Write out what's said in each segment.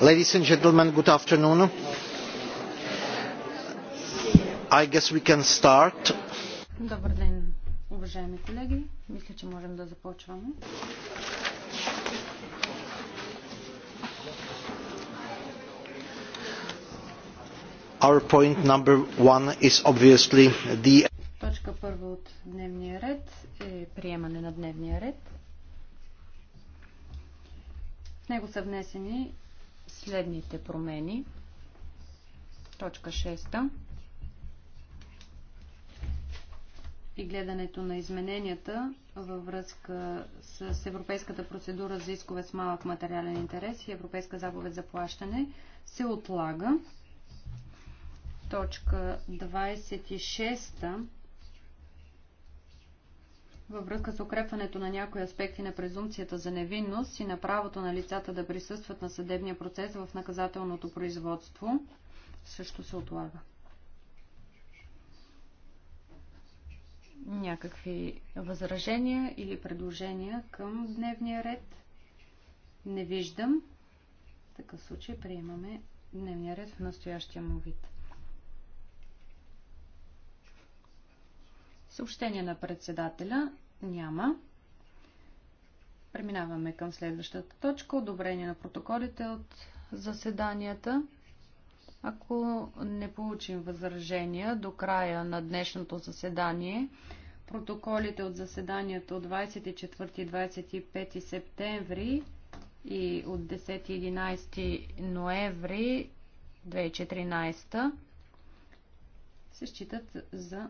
Ladies and gentlemen, good afternoon. I guess we can start. Добър ден, уважаеми колеги. Мисля, че можем да започваме. Our point number one is obviously the... Точка първа от дневния ред е приемане на дневния ред. В него са внесени следните промени. Точка 6 и гледането на измененията във връзка с Европейската процедура за искове с малък материален интерес и Европейска заповед за плащане се отлага. Точка 26 във връзка с укрепването на някои аспекти на презумпцията за невинност и на правото на лицата да присъстват на съдебния процес в наказателното производство, също се отлага. Някакви възражения или предложения към дневния ред? Не виждам. В такъв случай приемаме дневния ред в настоящия му вид. Съобщение на председателя няма. Преминаваме към следващата точка. Одобрение на протоколите от заседанията. Ако не получим възражения до края на днешното заседание, протоколите от заседанието от 24 и 25 септември и от 10 и 11 ноември 2014 се считат за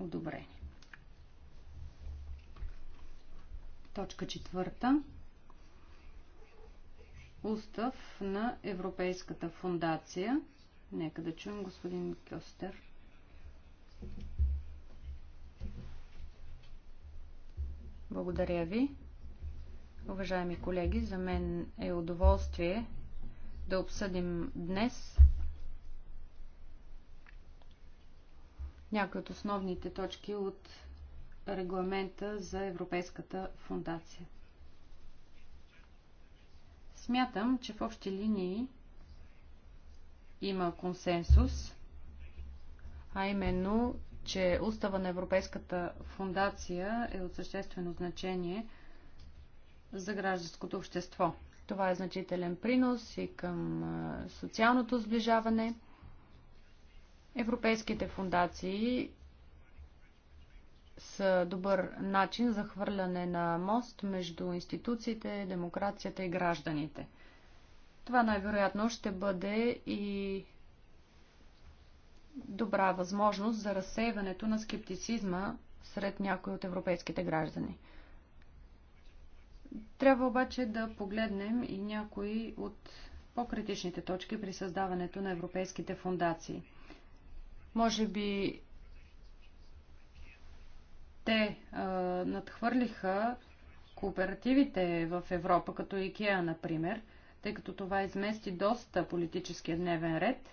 одобрени. Точка четвърта. Устав на Европейската фундация. Нека да чуем господин Кьостер. Благодаря ви. Уважаеми колеги, за мен е удоволствие да обсъдим днес някои от основните точки от регламента за Европейската фундация. Смятам, че в общи линии има консенсус, а именно, че устава на Европейската фундация е от съществено значение за гражданското общество. Това е значителен принос и към социалното сближаване – Европейските фундации са добър начин за хвърляне на мост между институциите, демокрацията и гражданите. Това най-вероятно ще бъде и добра възможност за разсейването на скептицизма сред някои от европейските граждани. Трябва обаче да погледнем и някои от по-критичните точки при създаването на европейските фундации – може би те а, надхвърлиха кооперативите в Европа, като Икеа, например, тъй като това измести доста политическия дневен ред.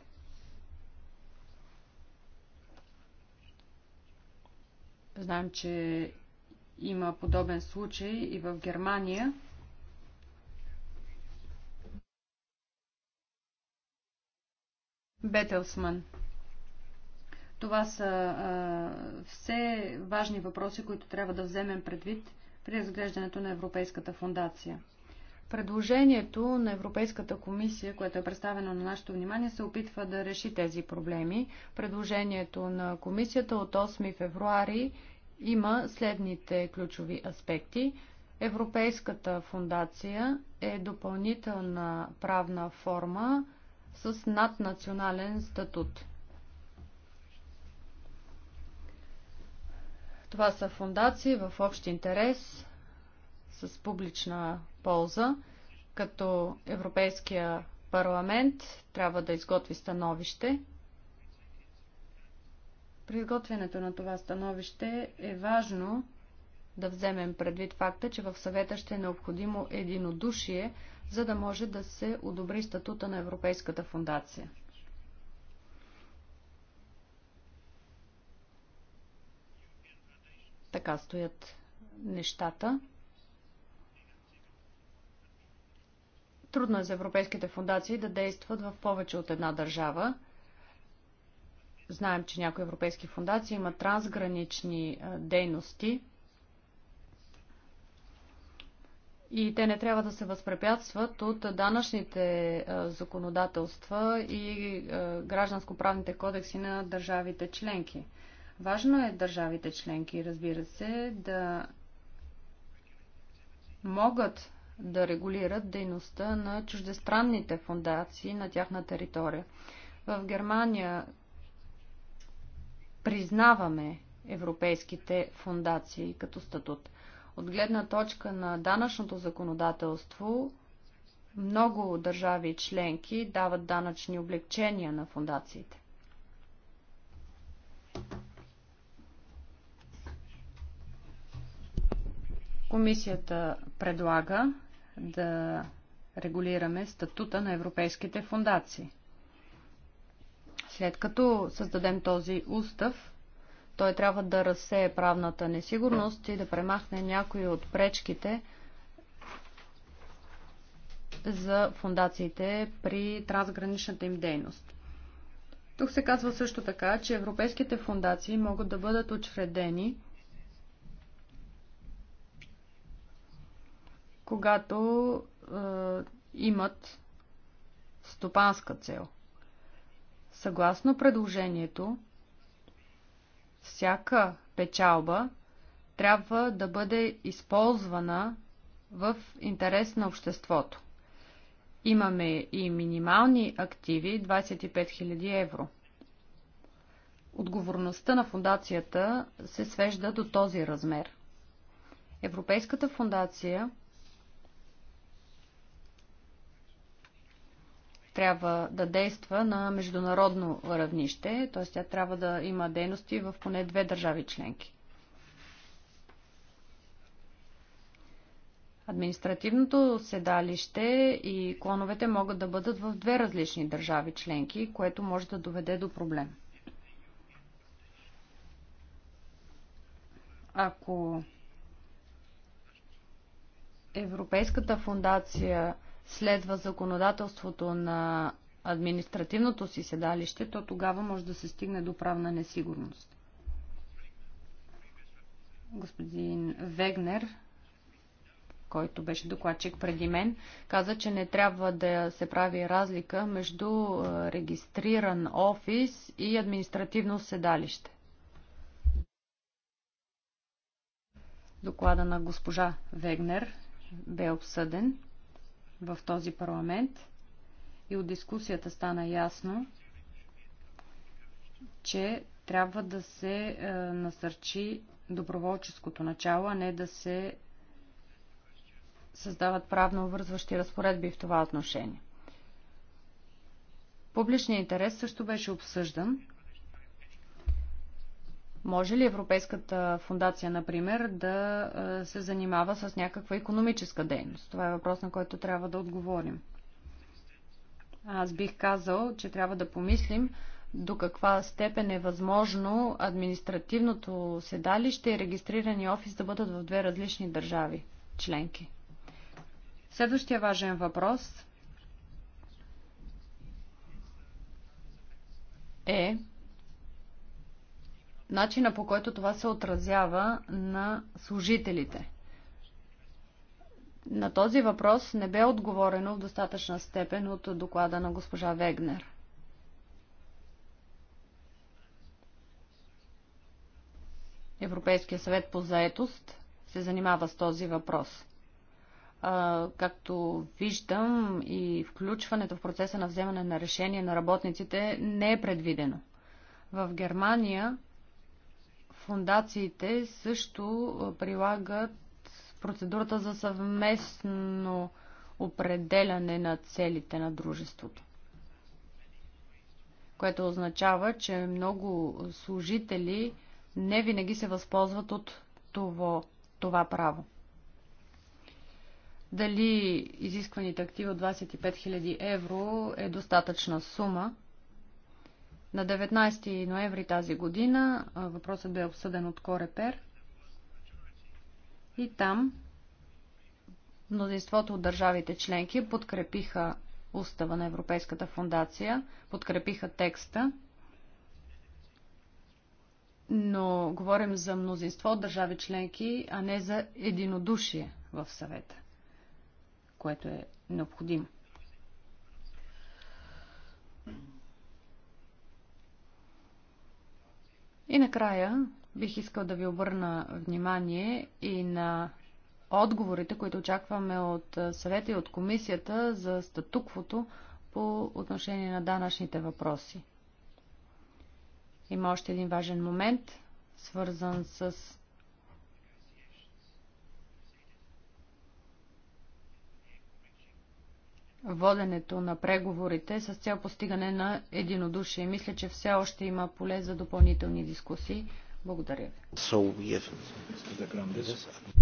Знам, че има подобен случай и в Германия. Бетелсман. Това са а, все важни въпроси, които трябва да вземем предвид при разглеждането на Европейската фундация. Предложението на Европейската комисия, което е представено на нашето внимание, се опитва да реши тези проблеми. Предложението на комисията от 8 февруари има следните ключови аспекти. Европейската фундация е допълнителна правна форма с наднационален статут. Това са фундации в общ интерес с публична полза, като Европейския парламент трябва да изготви становище. При изготвянето на това становище е важно да вземем предвид факта, че в съвета ще е необходимо единодушие, за да може да се одобри статута на Европейската фундация. Така стоят нещата. Трудно е за европейските фундации да действат в повече от една държава. Знаем, че някои европейски фундации имат трансгранични е, дейности и те не трябва да се възпрепятстват от данъчните е, законодателства и е, гражданско-правните кодекси на държавите членки. Важно е държавите членки, разбира се, да могат да регулират дейността на чуждестранните фундации на тяхна територия. В Германия признаваме европейските фундации като статут. От гледна точка на данъчното законодателство, много държави членки дават данъчни облегчения на фундациите. Комисията предлага да регулираме статута на европейските фундации. След като създадем този устав, той трябва да разсее правната несигурност и да премахне някои от пречките за фундациите при трансграничната им дейност. Тук се казва също така, че европейските фундации могат да бъдат учредени когато е, имат стопанска цел. Съгласно предложението, всяка печалба трябва да бъде използвана в интерес на обществото. Имаме и минимални активи 25 000 евро. Отговорността на фундацията се свежда до този размер. Европейската фундация трябва да действа на международно равнище, т.е. тя трябва да има дейности в поне две държави членки. Административното седалище и клоновете могат да бъдат в две различни държави членки, което може да доведе до проблем. Ако Европейската фундация следва законодателството на административното си седалище, то тогава може да се стигне до правна несигурност. Господин Вегнер, който беше докладчик преди мен, каза, че не трябва да се прави разлика между регистриран офис и административно седалище. Доклада на госпожа Вегнер бе обсъден в този парламент и от дискусията стана ясно, че трябва да се е, насърчи доброволческото начало, а не да се създават правно обвързващи разпоредби в това отношение. Публичният интерес също беше обсъждан може ли Европейската фундация, например, да е, се занимава с някаква економическа дейност? Това е въпрос, на който трябва да отговорим. Аз бих казал, че трябва да помислим до каква степен е възможно административното седалище и регистрирани офис да бъдат в две различни държави членки. Следващия важен въпрос е начина по който това се отразява на служителите. На този въпрос не бе отговорено в достатъчна степен от доклада на госпожа Вегнер. Европейския съвет по заетост се занимава с този въпрос. А, както виждам и включването в процеса на вземане на решение на работниците не е предвидено. В Германия фундациите също прилагат процедурата за съвместно определяне на целите на дружеството. Което означава, че много служители не винаги се възползват от това, това право. Дали изискваните активи от 25 000 евро е достатъчна сума? На 19 ноември тази година въпросът бе обсъден от Корепер и там мнозинството от държавите членки подкрепиха устава на Европейската фундация, подкрепиха текста, но говорим за мнозинство от държави членки, а не за единодушие в съвета, което е необходимо. И накрая бих искал да ви обърна внимание и на отговорите, които очакваме от съвета и от комисията за статуквото по отношение на данъчните въпроси. Има още един важен момент, свързан с воденето на преговорите с цел постигане на единодушие. Мисля, че все още има поле за допълнителни дискусии. Благодаря ви.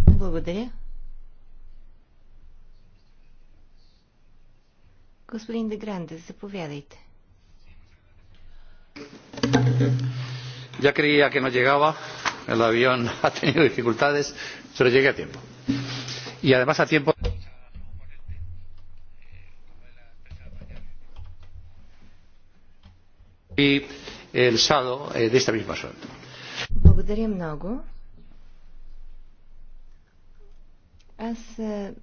Благодаря. Господин Дегранде, заповядайте. Ya creía que no llegaba, el avión ha tenido dificultades, pero llegué a tiempo. Y además a tiempo. и el sábado eh, de esta misma suerte. Благодаря много. Аз е,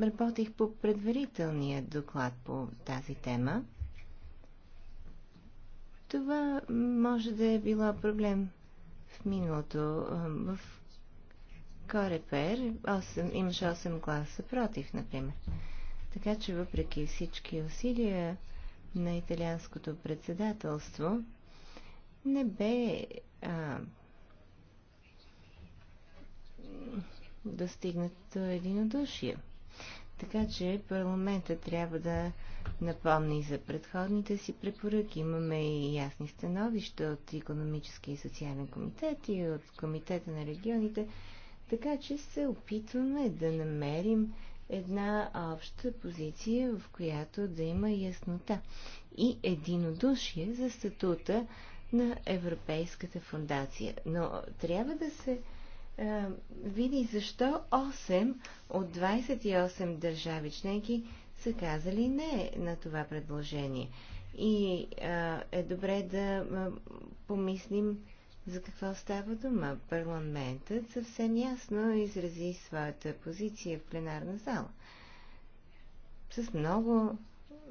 работих по предварителния доклад по тази тема. Това може да е било проблем в миналото. Е, в Корепер имаше 8 гласа против, например. Така че въпреки всички усилия, на италианското председателство не бе а, достигнат единодушие. Така че парламента трябва да напомни за предходните си препоръки. Имаме и ясни становища от Економически и социален комитет и от Комитета на регионите. Така че се опитваме да намерим една обща позиция, в която да има яснота и единодушие за статута на Европейската фундация. Но трябва да се а, е, види защо 8 от 28 държави членки са казали не на това предложение. И е, е добре да а, е, помислим за какво става дума? Парламентът съвсем ясно изрази своята позиция в пленарна зала. С много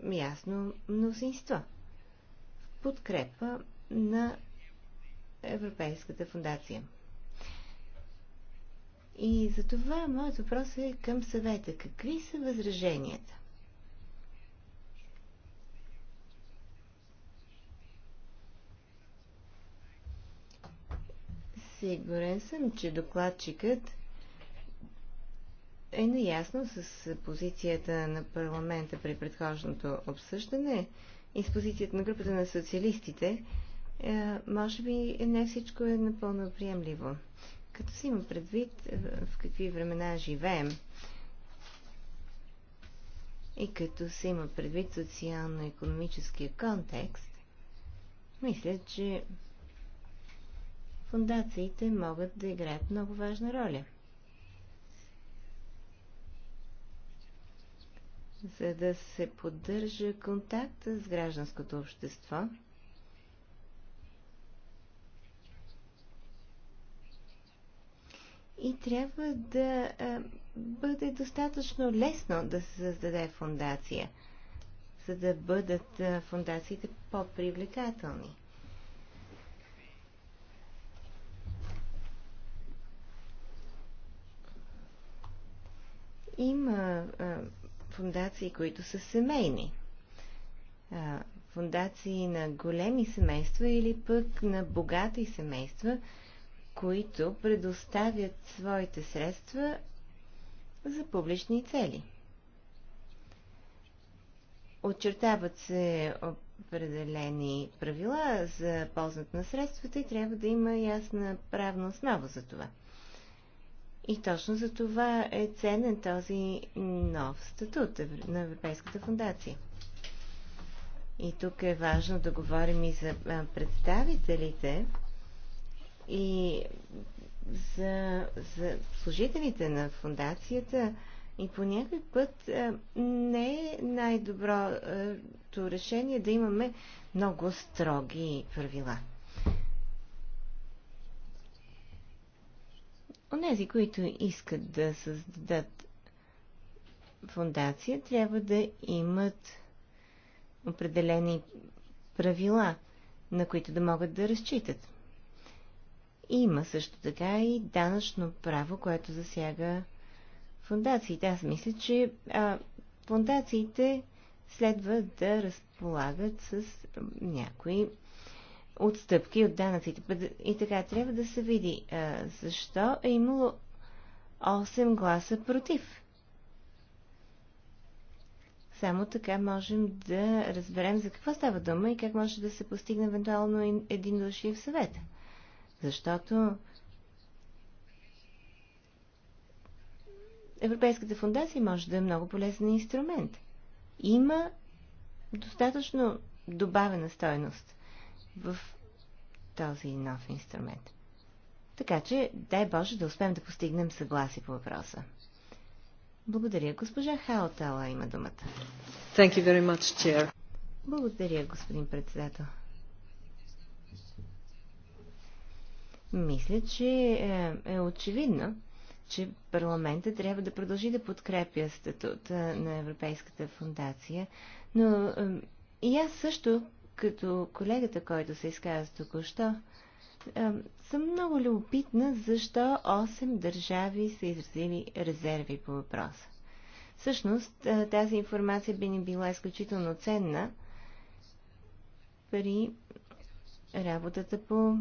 ясно мнозинство. В подкрепа на Европейската фундация. И за това моят въпрос е към съвета. Какви са възраженията? Сигурен съм, че докладчикът е наясно с позицията на парламента при предхождното обсъждане и с позицията на групата на социалистите. Е, може би не всичко е напълно приемливо. Като си има предвид е, в какви времена живеем и като се има предвид социално-економическия контекст, мисля, че фундациите могат да играят много важна роля. За да се поддържа контакт с гражданското общество, и трябва да а, бъде достатъчно лесно да се създаде фундация, за да бъдат а, фундациите по-привлекателни. Има а, фундации, които са семейни. А, фундации на големи семейства или пък на богати семейства, които предоставят своите средства за публични цели. Очертават се определени правила за ползването на средствата и трябва да има ясна правна основа за това. И точно за това е ценен този нов статут на Европейската фундация. И тук е важно да говорим и за представителите и за, за служителите на фундацията. И по някой път не е най-доброто решение да имаме много строги правила. Онези, които искат да създадат фундация, трябва да имат определени правила, на които да могат да разчитат. Има също така и данъчно право, което засяга фундациите. Аз мисля, че а, фундациите следва да разполагат с някои отстъпки от данъците. И така трябва да се види а, защо е имало 8 гласа против. Само така можем да разберем за какво става дума и как може да се постигне евентуално един души в съвета. Защото Европейската фундация може да е много полезен инструмент. Има достатъчно добавена стойност в този нов инструмент. Така че, дай Боже да успеем да постигнем съгласие по въпроса. Благодаря. Госпожа Хаотала има думата. Thank you very much, chair. Благодаря, господин председател. Мисля, че е, е очевидно, че парламента трябва да продължи да подкрепя статута на Европейската фундация, но е, и аз също като колегата, който се изказа току-що, съм много любопитна защо 8 държави са изразили резерви по въпроса. Всъщност, тази информация би ни била изключително ценна при работата по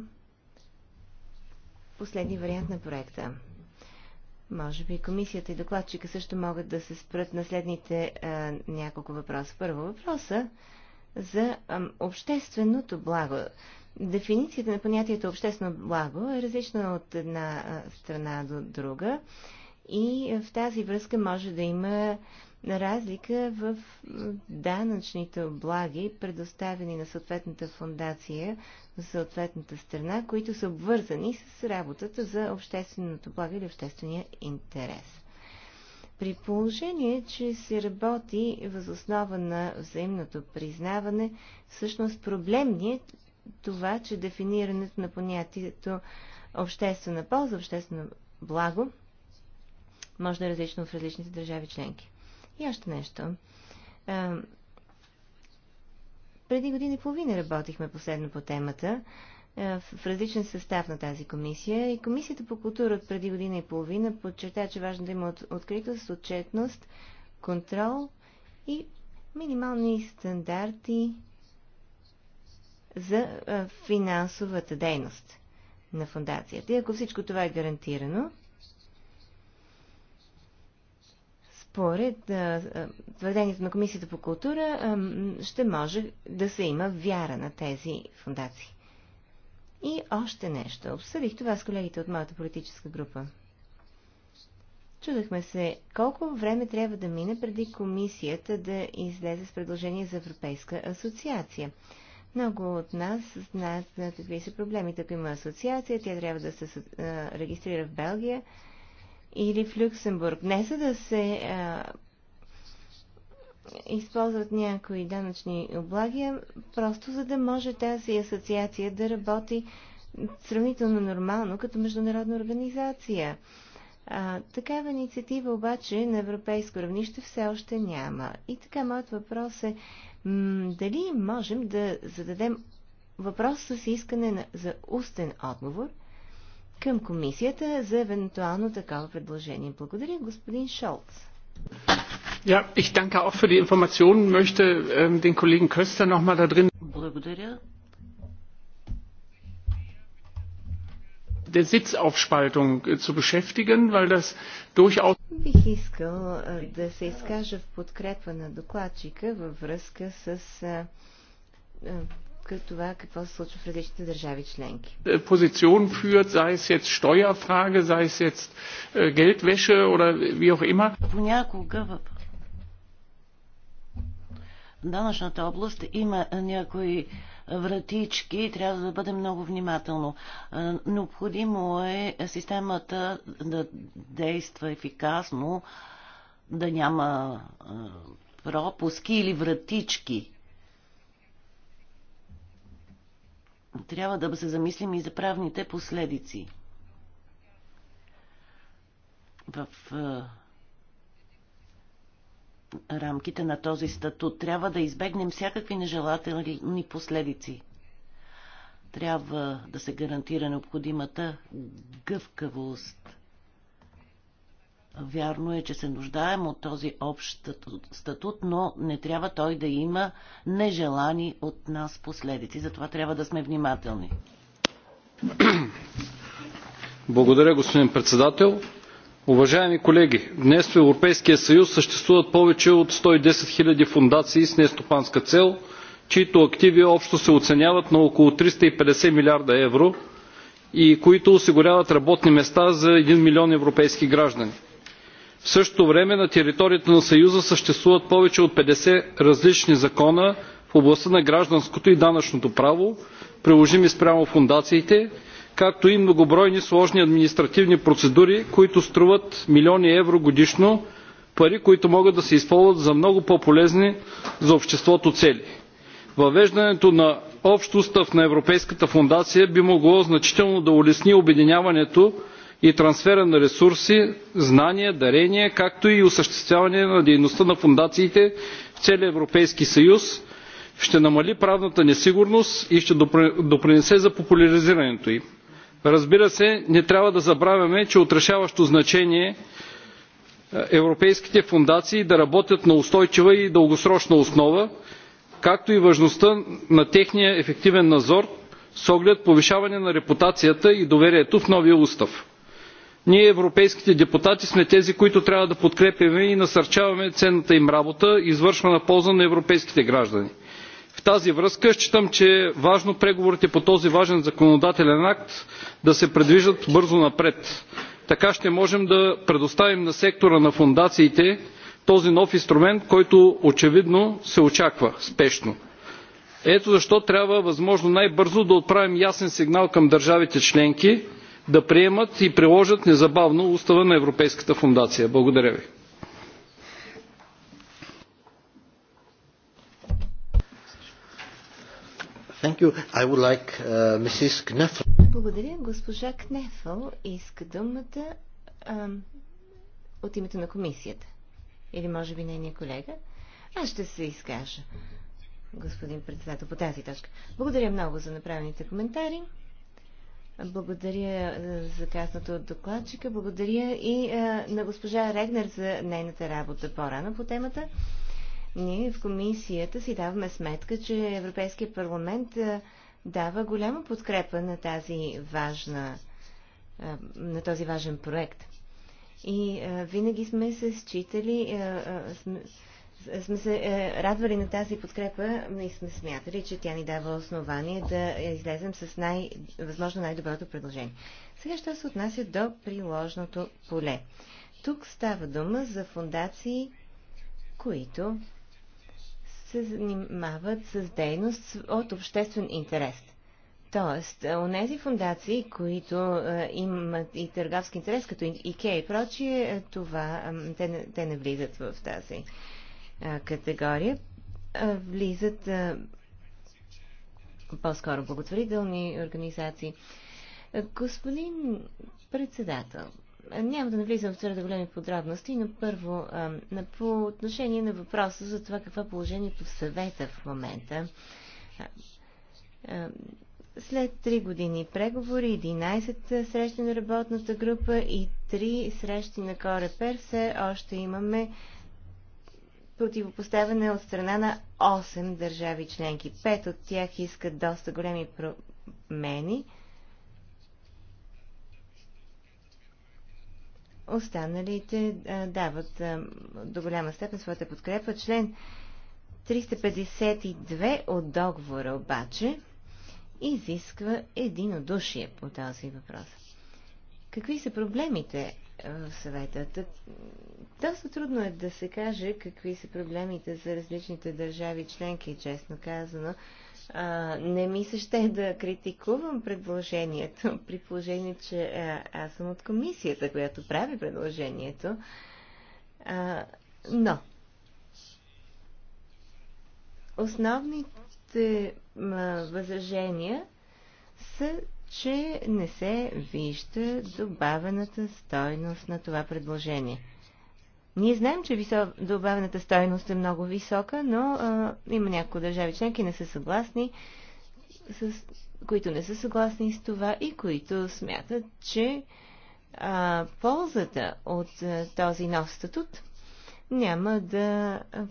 последния вариант на проекта. Може би комисията и докладчика също могат да се спрат на следните а, няколко въпроса. Първо въпроса за общественото благо. Дефиницията на понятието обществено благо е различна от една страна до друга и в тази връзка може да има разлика в данъчните облаги, предоставени на съответната фундация в съответната страна, които са обвързани с работата за общественото благо или обществения интерес. При положение, че се работи въз основа на взаимното признаване, всъщност проблем ни е това, че дефинирането на понятието обществена полза, обществено благо, може да е различно в различните държави членки. И още нещо. преди години и половина работихме последно по темата. Е, в различен състав на тази комисия. И Комисията по култура от преди година и половина подчерта, че е важно да има от, откритост, отчетност, контрол и минимални стандарти за а, е, финансовата дейност на фундацията. И ако всичко това е гарантирано, според а, твърдението на Комисията по култура, а, ще може да се има вяра на тези фундации. И още нещо. Обсъдих това с колегите от моята политическа група. Чудахме се колко време трябва да мине преди комисията да излезе с предложение за Европейска асоциация. Много от нас знаят какви са проблемите. Ако има асоциация, тя трябва да се регистрира в Белгия или в Люксембург. Не за да се а, използват някои данъчни облаги, просто за да може тази асоциация да работи сравнително нормално като международна организация. А, такава инициатива обаче на европейско равнище все още няма. И така моят въпрос е дали можем да зададем въпрос с искане на, за устен отговор към комисията за евентуално такова предложение. Благодаря, господин Шолц ich danke auch für die information und möchte den Kollegen Köster noch einmal darin bestärken der Sitzaufspaltung zu beschäftigen, weil das durchaus. Бих искал да се изкажа в подкрепа на докладчика във връзка с това какво се случва в различните държави членки. Е, позицион führt, sei es jetzt Steuerfrage, sei es jetzt Geldwäsche oder wie auch immer. Понякога в данъчната област има е, някои вратички и трябва да бъде много внимателно. Е, необходимо е системата да действа ефикасно, да няма пропуски или вратички трябва да се замислим и за правните последици. В рамките на този статут трябва да избегнем всякакви нежелателни последици. Трябва да се гарантира необходимата гъвкавост Вярно е, че се нуждаем от този общ статут, но не трябва той да има нежелани от нас последици. Затова трябва да сме внимателни. Благодаря, господин председател. Уважаеми колеги, днес в Европейския съюз съществуват повече от 110 000 фундации с нестопанска цел, чието активи общо се оценяват на около 350 милиарда евро и които осигуряват работни места за 1 милион европейски граждани в същото време на територията на съюза съществуват повече от 50 различни закона в областта на гражданското и данъчното право приложими спрямо фондациите както и многобройни сложни административни процедури които струват милиони евро годишно пари които могат да се използват за много по полезни за обществото цели. въвеждането на общ устав на европейската фондация би могло значително да улесни обединяването и трансфера на ресурси, знания, дарения, както и осъществяване на дейността на фундациите в целия Европейски съюз, ще намали правната несигурност и ще допринесе за популяризирането им. Разбира се, не трябва да забравяме, че от решаващо значение е, европейските фундации да работят на устойчива и дългосрочна основа, както и важността на техния ефективен надзор с оглед повишаване на репутацията и доверието в новия устав ние европейските депутати сме тези които трябва да подкрепяме и насърчаваме ценната им работа извършвана в полза на европейските граждани. в тази връзка считам че е важно преговорите по този важен законодателен акт да се придвижат бързо напред. така ще можем да предоставим на сектора на фондациите този нов инструмент който очевидно се очаква спешно. ето защо трябва възможно най бързо да отправим ясен сигнал към държавите членки да приемат и приложат незабавно устава на Европейската фундация. Благодаря ви. Like, uh, Благодаря. Госпожа Кнефъл иска думата от името на комисията. Или може би нейния колега. Аз ще се изкажа, господин председател, по тази точка. Благодаря много за направените коментари. Благодаря е, за казаното от докладчика. Благодаря и а, е, на госпожа Регнер за нейната работа по-рано по темата. Ние в комисията си даваме сметка, че Европейския парламент а, е, дава голяма подкрепа на тази важна а, на този важен проект. И винаги сме се считали сме, сме се е, радвали на тази подкрепа и сме смятали, че тя ни дава основание да излезем с най, възможно най-доброто предложение. Сега ще се отнася до приложното поле. Тук става дума за фундации, които се занимават с дейност от обществен интерес. Тоест, е, онези фундации, които а, е, имат и търговски интерес, като Икея и прочие, това, а, те, те не влизат в тази категория влизат по-скоро благотворителни организации. Господин председател, няма да навлизам в твърде големи подробности, но първо на по отношение на въпроса за това какво е положението в съвета в момента. След 3 години преговори, 11 срещи на работната група и 3 срещи на Корепер все още имаме противопоставяне от страна на 8 държави членки. Пет от тях искат доста големи промени. Останалите дават до голяма степен своята подкрепа. Член 352 от договора обаче изисква единодушие по този въпрос. Какви са проблемите в съвета. Доста трудно е да се каже какви са проблемите за различните държави членки, честно казано. А, не ми се ще да критикувам предложението, при положение, че а, аз съм от комисията, която прави предложението. А, но, основните а, възражения са че не се вижда добавената стойност на това предложение. Ние знаем, че висо... добавената стойност е много висока, но а, има някои държави членки не са съгласни, с... които не са съгласни с това и които смятат, че а, ползата от а, този нов статут няма да а,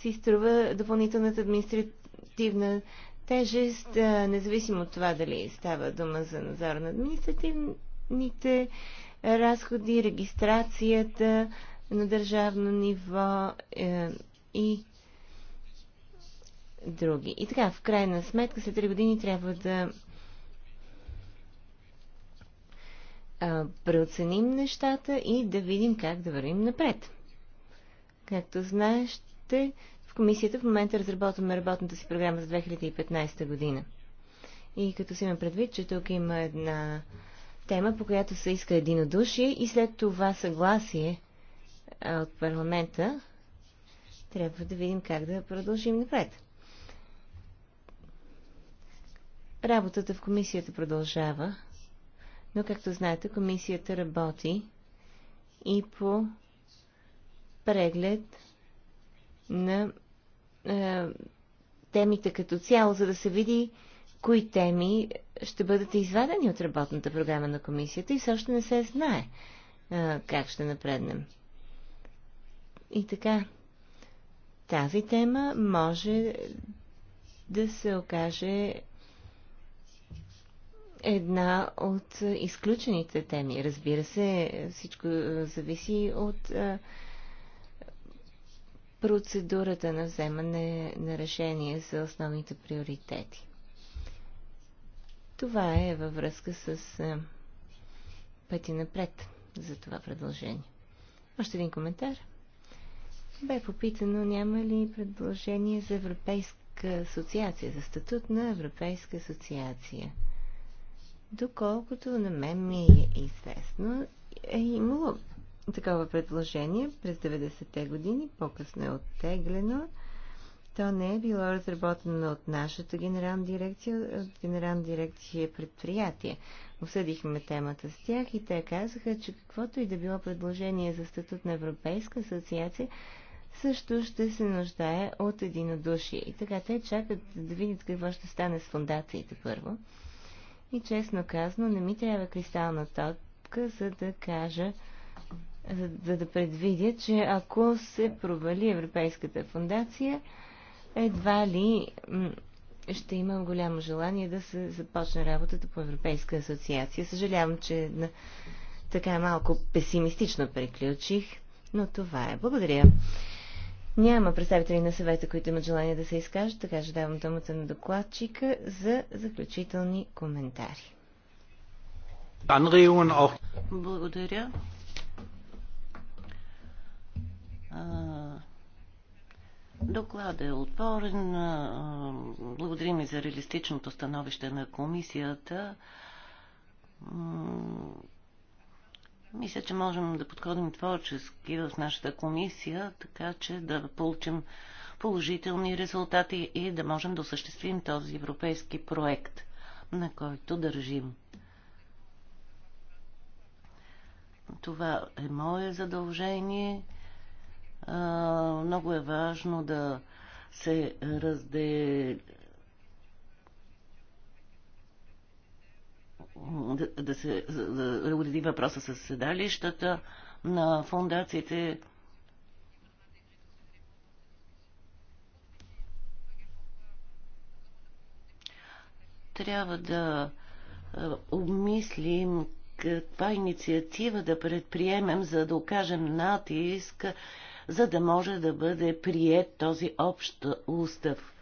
си струва допълнителната административна тежест, независимо от това дали става дума за надзор на административните разходи, регистрацията на държавно ниво е, и други. И така, в крайна сметка, след 3 години трябва да преоценим нещата и да видим как да вървим напред. Както знаеш, комисията в момента разработваме работната си програма за 2015 година. И като си има предвид, че тук има една тема, по която се иска единодушие и след това съгласие от парламента, трябва да видим как да продължим напред. Работата в комисията продължава, но както знаете, комисията работи и по преглед на е, темите като цяло, за да се види кои теми ще бъдат извадени от работната програма на комисията и все още не се знае е, как ще напреднем. И така, тази тема може да се окаже една от изключените теми. Разбира се, всичко зависи от е, процедурата на вземане на решение за основните приоритети. Това е във връзка с е, пъти напред за това предложение. Още един коментар. Бе попитано, няма ли предложение за Европейска асоциация, за статут на Европейска асоциация. Доколкото на мен ми е известно, е имало такова предложение през 90-те години, по-късно е оттеглено. То не е било разработено от нашата генерална дирекция, от генерална дирекция предприятие. Обсъдихме темата с тях и те казаха, че каквото и да било предложение за статут на Европейска асоциация, също ще се нуждае от единодушие. И така те чакат да видят какво ще стане с фундациите първо. И честно казано, не ми трябва кристална топка, за да кажа, за, за да предвидя, че ако се провали Европейската фундация, едва ли ще имам голямо желание да се започне работата по Европейска асоциация. Съжалявам, че на... така малко песимистично приключих, но това е. Благодаря. Няма представители на съвета, които имат желание да се изкажат, така че давам думата на докладчика за заключителни коментари. Благодаря. Докладът е отворен. Благодарим и за реалистичното становище на комисията. Мисля, че можем да подходим творчески в нашата комисия, така че да получим положителни резултати и да можем да осъществим този европейски проект, на който държим. Това е мое задължение много е важно да се раздели да, да се да уреди въпроса с седалищата на фундациите. Трябва да обмислим каква инициатива да предприемем, за да окажем натиск за да може да бъде прият този общ устав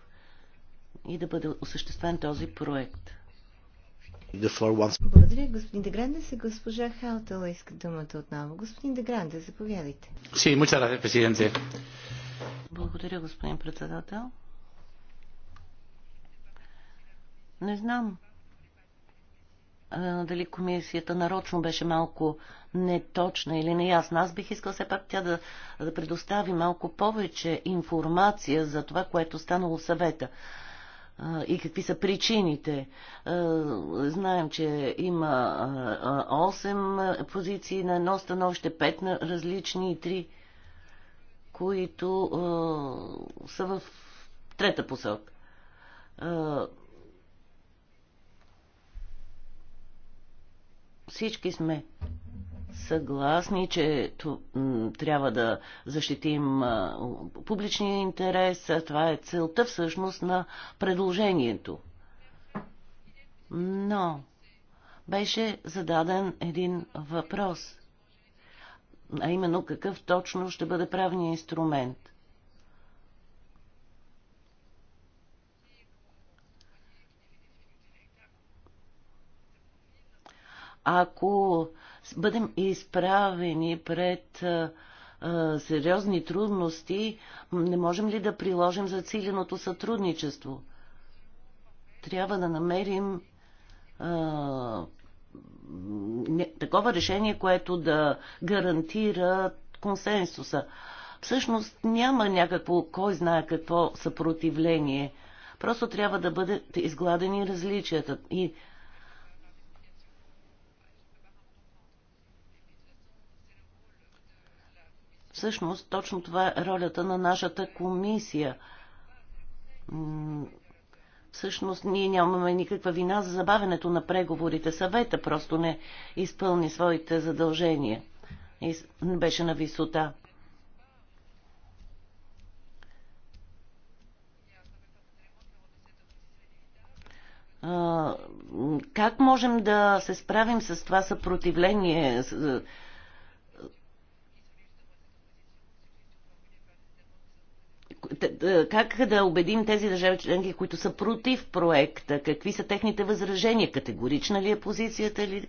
и да бъде осъществен този проект. Благодаря, господин Дегранде. госпожа Хаутала иска думата отново. Господин Дегранде, заповядайте. Благодаря, господин председател. Не знам дали комисията нарочно беше малко неточна или неясна. Аз бих искал все пак тя да, да предостави малко повече информация за това, което станало съвета и какви са причините. Знаем, че има 8 позиции на едно становище, 5 на различни и 3, които са в трета посока Всички сме съгласни, че трябва да защитим публичния интерес. Това е целта всъщност на предложението. Но беше зададен един въпрос, а именно какъв точно ще бъде правният инструмент – Ако бъдем изправени пред сериозни трудности, не можем ли да приложим циленото сътрудничество? Трябва да намерим а, не, такова решение, което да гарантира консенсуса. Всъщност няма някакво, кой знае какво съпротивление. Просто трябва да бъдат изгладени различията. И Всъщност, точно това е ролята на нашата комисия. Всъщност, ние нямаме никаква вина за забавенето на преговорите. Съвета просто не изпълни своите задължения. И беше на висота. как можем да се справим с това съпротивление, как да убедим тези държави членки, които са против проекта? Какви са техните възражения? Категорична ли е позицията? Или,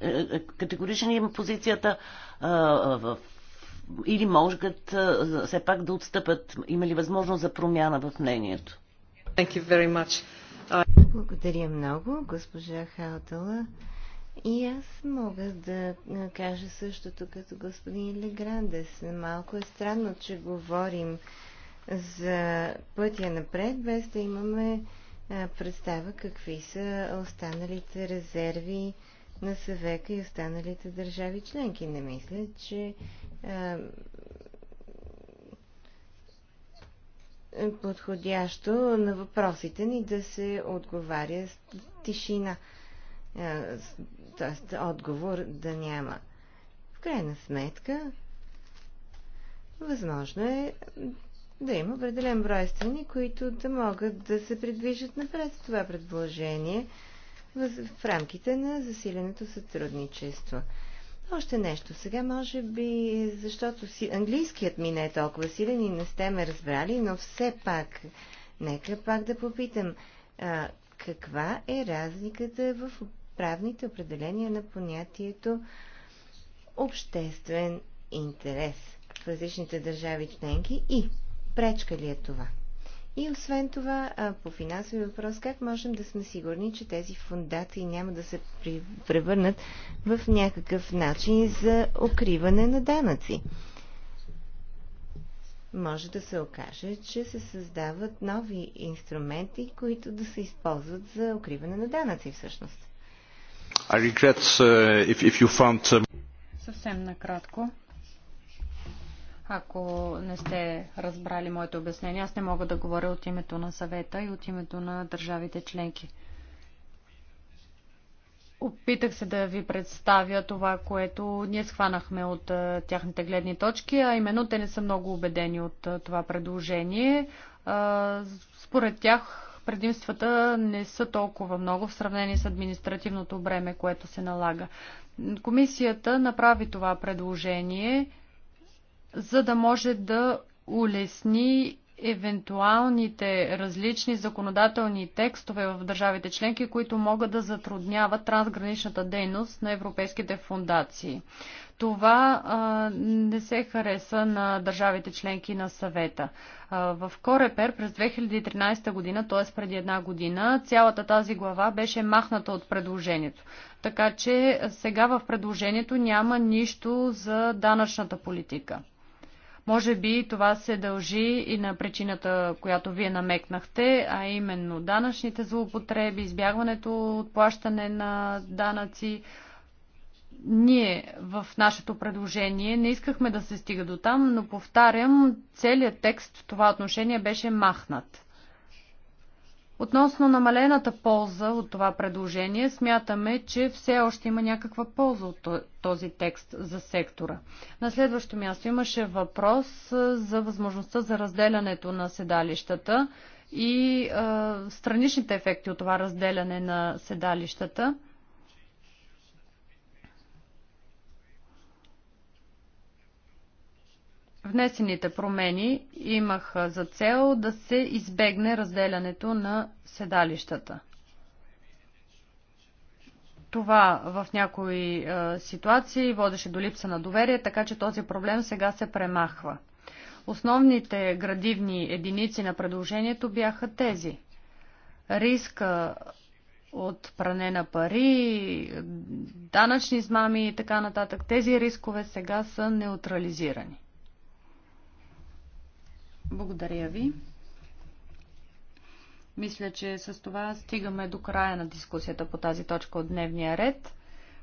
е, е, категорична ли е позицията в или могат все пак да отстъпят? Има ли възможност за промяна в мнението? Thank you very much. I... Благодаря много, госпожа Хаутала. И аз мога да кажа същото като господин Леграндес. Малко е странно, че говорим за пътя напред, без да имаме представа какви са останалите резерви на съвека и останалите държави членки. Не мисля, че е подходящо на въпросите ни да се отговаря с тишина. Тоест, отговор да няма. В крайна сметка, възможно е да има определен брой страни, които да могат да се придвижат напред с това предложение в рамките на засиленото сътрудничество. Още нещо. Сега може би, защото си, английският ми не е толкова силен и не сте ме разбрали, но все пак, нека пак да попитам, а, каква е разликата в правните определения на понятието обществен интерес в различните държави членки и Пречка ли е това? И освен това, по финансови въпрос, как можем да сме сигурни, че тези фундации няма да се превърнат в някакъв начин за укриване на данъци? Може да се окаже, че се създават нови инструменти, които да се използват за укриване на данъци всъщност. I regret, uh, if, if you found... Uh, Съвсем накратко. Ако не сте разбрали моето обяснение, аз не мога да говоря от името на съвета и от името на държавите членки. Опитах се да ви представя това, което ние схванахме от тяхните гледни точки, а именно те не са много убедени от това предложение. Според тях предимствата не са толкова много в сравнение с административното бреме, което се налага. Комисията направи това предложение за да може да улесни евентуалните различни законодателни текстове в държавите членки, които могат да затрудняват трансграничната дейност на европейските фундации. Това а, не се хареса на държавите членки на съвета. А, в Корепер през 2013 година, т.е. преди една година, цялата тази глава беше махната от предложението. Така че сега в предложението няма нищо за данъчната политика. Може би това се дължи и на причината, която вие намекнахте, а именно данъчните злоупотреби, избягването от плащане на данъци. Ние в нашето предложение не искахме да се стига до там, но повтарям, целият текст в това отношение беше махнат. Относно намалената полза от това предложение, смятаме, че все още има някаква полза от този текст за сектора. На следващо място имаше въпрос за възможността за разделянето на седалищата и е, страничните ефекти от това разделяне на седалищата. Внесените промени имаха за цел да се избегне разделянето на седалищата. Това в някои е, ситуации водеше до липса на доверие, така че този проблем сега се премахва. Основните градивни единици на предложението бяха тези. Риска от пране на пари, данъчни измами и така нататък. Тези рискове сега са неутрализирани. Благодаря ви. Мисля, че с това стигаме до края на дискусията по тази точка от дневния ред.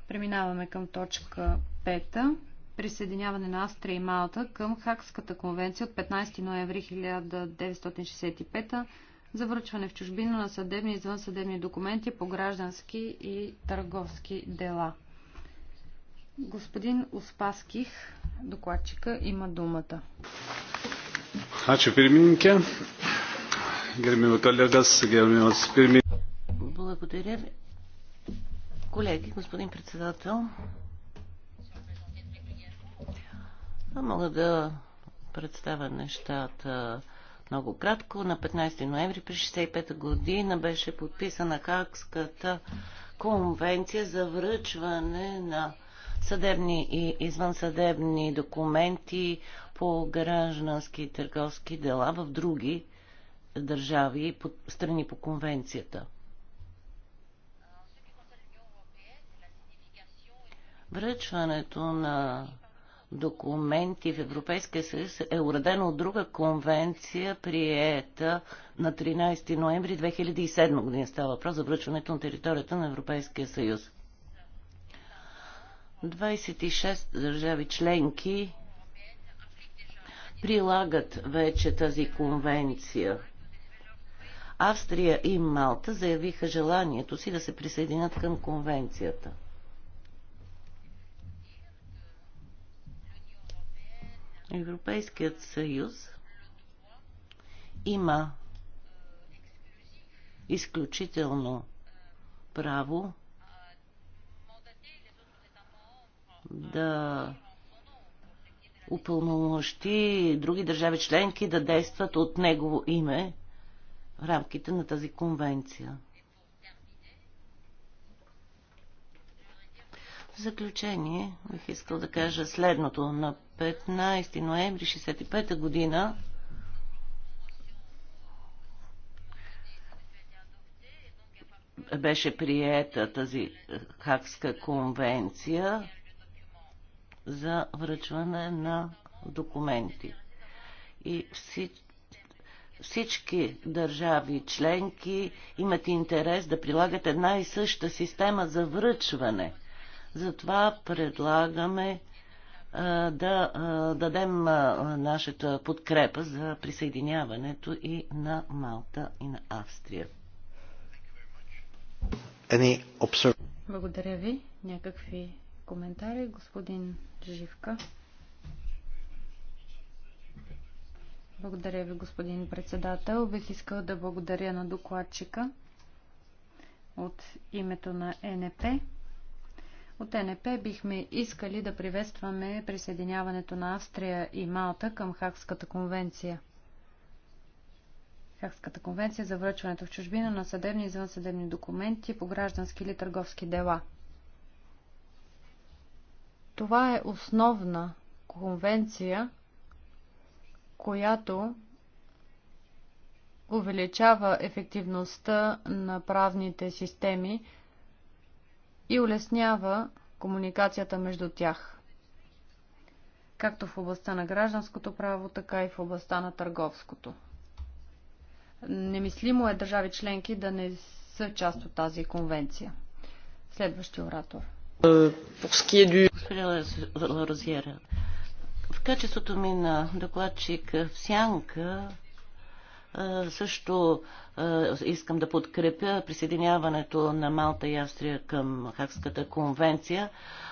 Преминаваме към точка 5. Присъединяване на Австрия и Малта към Хакската конвенция от 15 ноември 1965 за връчване в чужбина на съдебни и извънсъдебни документи по граждански и търговски дела. Господин Успаских, докладчика, има думата. Ačiū pirmininkė. Gerbimi kolegas, gerbimas pirmininkė. Благодаря. Колеги, господин председател, мога да представя нещата много кратко. На 15 ноември при 65 година беше подписана Хакската конвенция за връчване на съдебни и извънсъдебни документи по граждански и търговски дела в други държави и страни по конвенцията. Връчването на документи в Европейския съюз е уредено от друга конвенция, приета на 13 ноември 2007 година. Става въпрос за връчването на територията на Европейския съюз. 26 държави членки прилагат вече тази конвенция. Австрия и Малта заявиха желанието си да се присъединят към конвенцията. Европейският съюз има изключително право да упълномощи други държави членки да действат от негово име в рамките на тази конвенция. В заключение бих искал да кажа следното. На 15 ноември 1965 година беше приета тази Хакска конвенция за връчване на документи. И всички държави членки имат интерес да прилагат една и съща система за връчване. Затова предлагаме да дадем нашата подкрепа за присъединяването и на Малта и на Австрия. Благодаря ви. Някакви коментари. Господин Живка. Благодаря ви, господин председател. Бих искал да благодаря на докладчика от името на НП. От НП бихме искали да приветстваме присъединяването на Австрия и Малта към Хакската конвенция. Хакската конвенция за връчването в чужбина на съдебни и извънсъдебни документи по граждански или търговски дела – това е основна конвенция, която увеличава ефективността на правните системи и улеснява комуникацията между тях, както в областта на гражданското право, така и в областта на търговското. Немислимо е държави членки да не са част от тази конвенция. Следващия оратор. В качеството ми на докладчик в Сянка също искам да подкрепя присъединяването на Малта и Австрия към Хакската конвенция.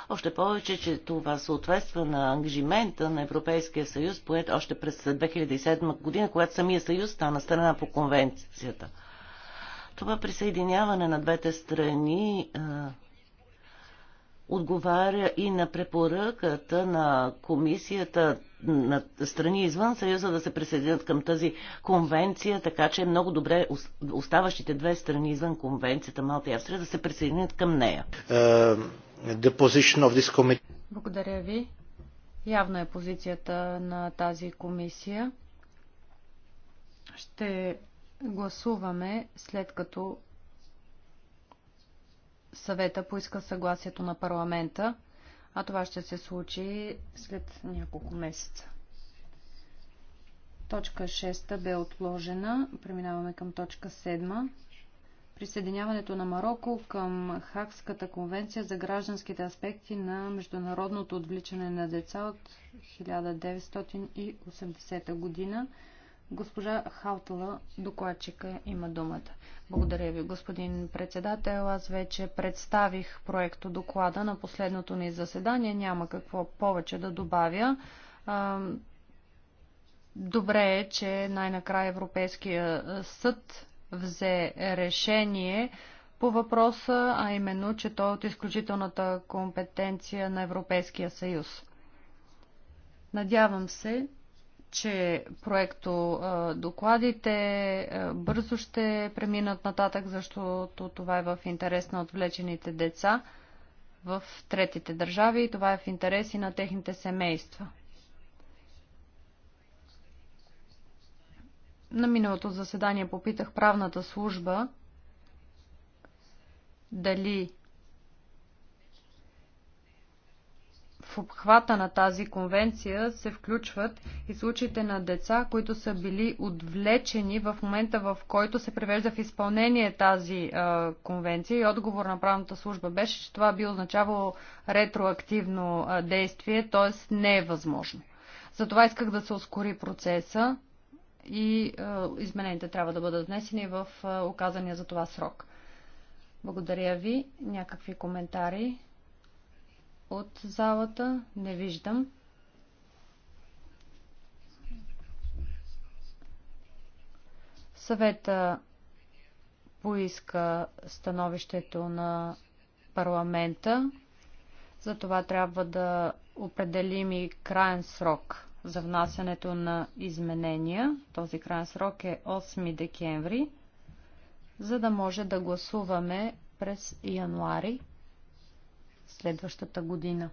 Още повече, че това съответства на ангажимента на Европейския съюз, поет още през 2007 година, когато самия съюз стана страна по конвенцията. Това присъединяване на двете страни отговаря и на препоръката на комисията на страни извън Съюза да се присъединят към тази конвенция, така че е много добре оставащите две страни извън конвенцията Малта и Австрия да се присъединят към нея. Uh, Благодаря ви. Явна е позицията на тази комисия. Ще гласуваме след като съвета поиска съгласието на парламента, а това ще се случи след няколко месеца. Точка 6 бе отложена. Преминаваме към точка 7. Присъединяването на Марокко към Хакската конвенция за гражданските аспекти на международното отвличане на деца от 1980 година. Госпожа Хаутала, докладчика, има думата. Благодаря ви, господин председател. Аз вече представих проекто доклада на последното ни заседание. Няма какво повече да добавя. Добре е, че най-накрая Европейския съд взе решение по въпроса, а именно, че той е от изключителната компетенция на Европейския съюз. Надявам се, че проекто докладите бързо ще преминат нататък, защото това е в интерес на отвлечените деца в третите държави и това е в интерес и на техните семейства. На миналото заседание попитах правната служба дали в обхвата на тази конвенция се включват и случаите на деца, които са били отвлечени в момента, в който се превежда в изпълнение тази а, конвенция. И отговор на правната служба беше, че това би означавало ретроактивно а, действие, т.е. не е възможно. Затова исках да се ускори процеса и а, измененията трябва да бъдат внесени в а, оказания за това срок. Благодаря ви. Някакви коментари? от залата? Не виждам. Съвета поиска становището на парламента. За това трябва да определим и крайен срок за внасянето на изменения. Този крайен срок е 8 декември, за да може да гласуваме през януари следващата година.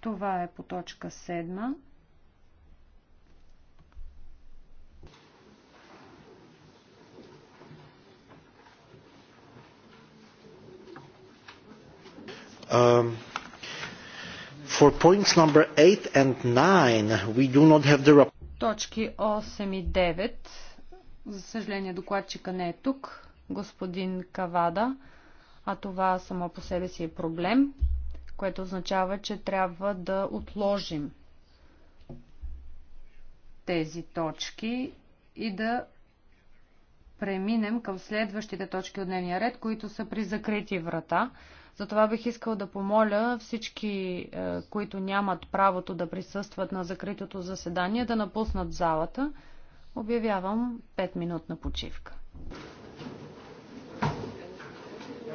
Това е по точка 7. Um, for points number 8 and 9, we do not have the... Точки 8 и 9. За съжаление докладчика не е тук господин Кавада, а това само по себе си е проблем, което означава, че трябва да отложим тези точки и да преминем към следващите точки от дневния ред, които са при закрити врата. Затова бих искал да помоля всички, е, които нямат правото да присъстват на закритото заседание, да напуснат залата. Обявявам 5-минутна почивка.